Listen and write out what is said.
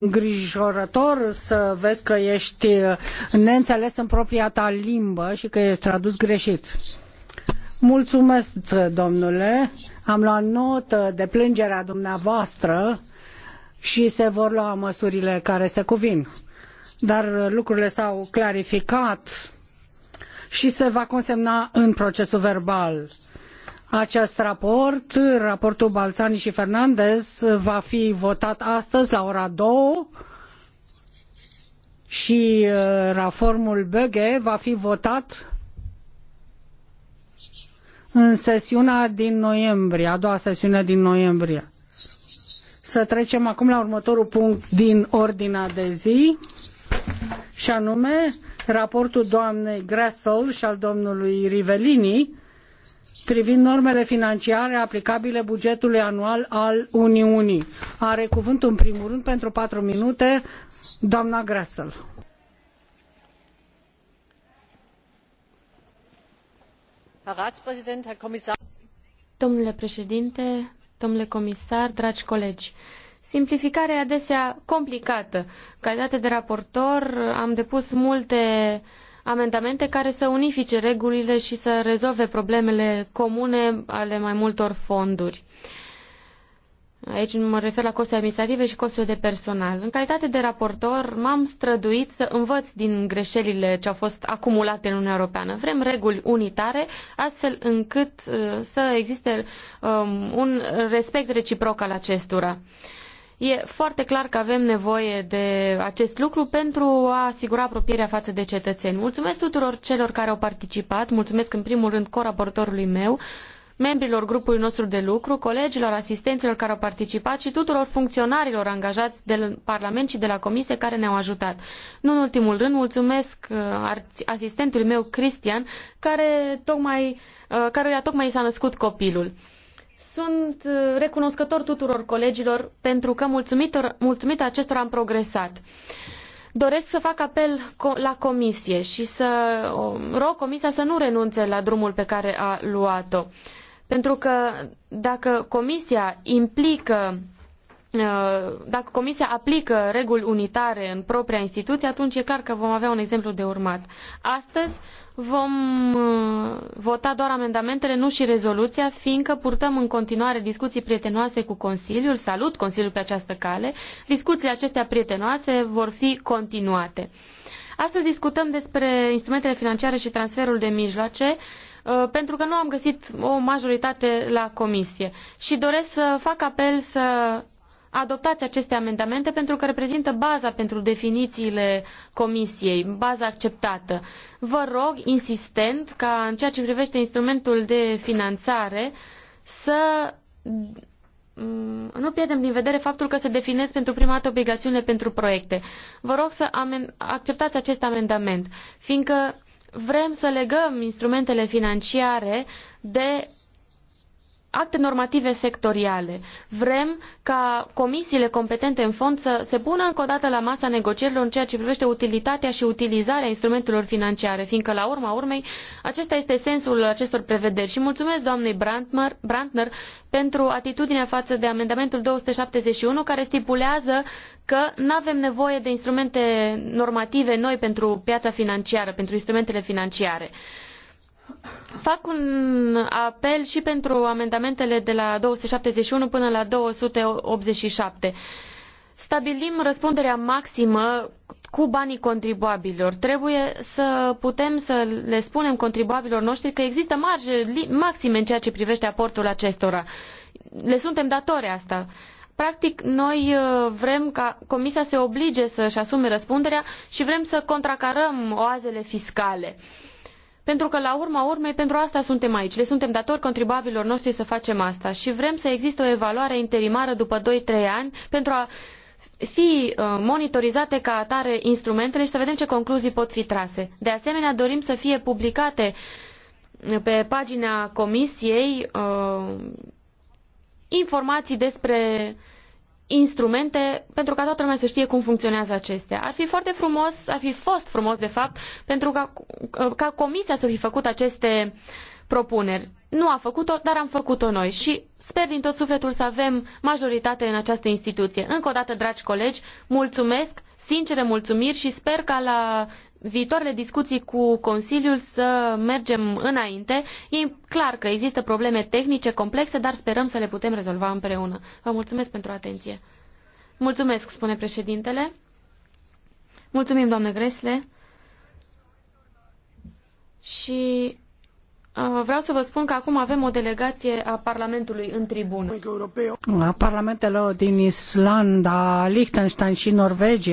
îngrijorător să vezi că ești neînțeles în propria ta limbă și că ești tradus greșit. Mulțumesc, domnule. Am luat notă de plângerea dumneavoastră și se vor lua măsurile care se cuvin. Dar lucrurile s-au clarificat și se va consemna în procesul verbal. Acest raport, raportul Balzani și Fernandez, va fi votat astăzi la ora două și uh, raportul Böge va fi votat în sesiunea din noiembrie, a doua sesiune din noiembrie. Să trecem acum la următorul punct din ordinea de zi și anume raportul doamnei Gressel și al domnului Rivelini privind normele financiare aplicabile bugetului anual al Uniunii. Are cuvântul în primul rând pentru patru minute doamna Gressel. Domnule președinte, domnule comisar, dragi colegi, simplificarea e adesea complicată. Calitate de raportor am depus multe uh, amendamente care să unifice regulile și să rezolve problemele comune ale mai multor fonduri. Aici mă refer la costurile administrative și costurile de personal. În calitate de raportor, m-am străduit să învăț din greșelile ce au fost acumulate în Uniunea Europeană. Vrem reguli unitare, astfel încât uh, să existe um, un respect reciproc al acestora. Uh, E foarte clar că avem nevoie de acest lucru pentru a asigura apropierea față de cetățeni. Mulțumesc tuturor celor care au participat, mulțumesc în primul rând coraportorului meu, membrilor grupului nostru de lucru, colegilor, asistenților care au participat și tuturor funcționarilor angajați de Parlament și de la Comisie care ne-au ajutat. Nu în ultimul rând, mulțumesc uh, asistentului meu, Cristian, care tocmai, uh, căruia tocmai i s-a născut copilul. Sunt uh, recunoscător tuturor colegilor pentru că mulțumită, mulțumită acestora am progresat. Doresc să fac apel la comisie și să rog comisia să nu renunțe la drumul pe care a luat-o. Pentru că dacă comisia implică uh, dacă Comisia aplică reguli unitare în propria instituție, atunci e clar că vom avea un exemplu de urmat. Astăzi vom uh, vota doar amendamentele, nu și rezoluția, fiindcă purtăm în continuare discuții prietenoase cu Consiliul. Salut Consiliul pe această cale. Discuțiile acestea prietenoase vor fi continuate. Astăzi discutăm despre instrumentele financiare și transferul de mijloace uh, pentru că nu am găsit o majoritate la comisie și doresc să fac apel să adoptați aceste amendamente pentru că reprezintă baza pentru definițiile comisiei, baza acceptată. Vă rog insistent ca în ceea ce privește instrumentul de finanțare să mm, nu pierdem din vedere faptul că se definesc pentru prima dată obligațiunile pentru proiecte. Vă rog să amen- acceptați acest amendament, fiindcă vrem să legăm instrumentele financiare de acte normative sectoriale. Vrem ca comisiile competente în fond să se pună încă o dată la masa negocierilor în ceea ce privește utilitatea și utilizarea instrumentelor financiare, fiindcă la urma urmei acesta este sensul acestor prevederi. Și mulțumesc doamnei Brandner, Brandner pentru atitudinea față de amendamentul 271 care stipulează că nu avem nevoie de instrumente normative noi pentru piața financiară, pentru instrumentele financiare. Uh, Fac un apel și pentru amendamentele de la 271 până la 287. Stabilim răspunderea maximă cu banii contribuabililor. Trebuie să putem să le spunem contribuabililor noștri că există marje maxime în ceea ce privește aportul acestora. Le suntem datori asta practic noi uh, vrem ca Comisia să se oblige să-și asume răspunderea și vrem să contracarăm oazele fiscale. Uh, pentru că, la urma urmei, pentru asta suntem aici. Le suntem datori contribuabililor noștri să facem asta și vrem să existe o evaluare interimară după 2-3 ani pentru a fi uh, monitorizate ca atare instrumentele și să vedem ce concluzii pot fi trase. De asemenea, dorim să fie publicate uh, pe pagina comisiei uh, informații despre uh, instrumente pentru ca toată lumea să știe cum funcționează acestea. Ar fi foarte frumos, ar fi fost frumos de fapt, pentru ca, ca comisia să fi făcut aceste propuneri. Nu a făcut-o, dar am făcut-o noi și sper din tot sufletul să avem majoritate în această instituție. Încă o dată, dragi colegi, mulțumesc, sincere mulțumiri și sper ca la viitoarele discuții cu Consiliul să mergem înainte. E clar că există probleme tehnice complexe, dar sperăm să le putem rezolva împreună. Vă mulțumesc pentru atenție. Mulțumesc, spune președintele. Mulțumim, doamnă Gresle. Și uh, Vreau să vă spun că acum avem o delegație a Parlamentului în tribună. A parlamentelor din Islanda, Liechtenstein și Norvegia.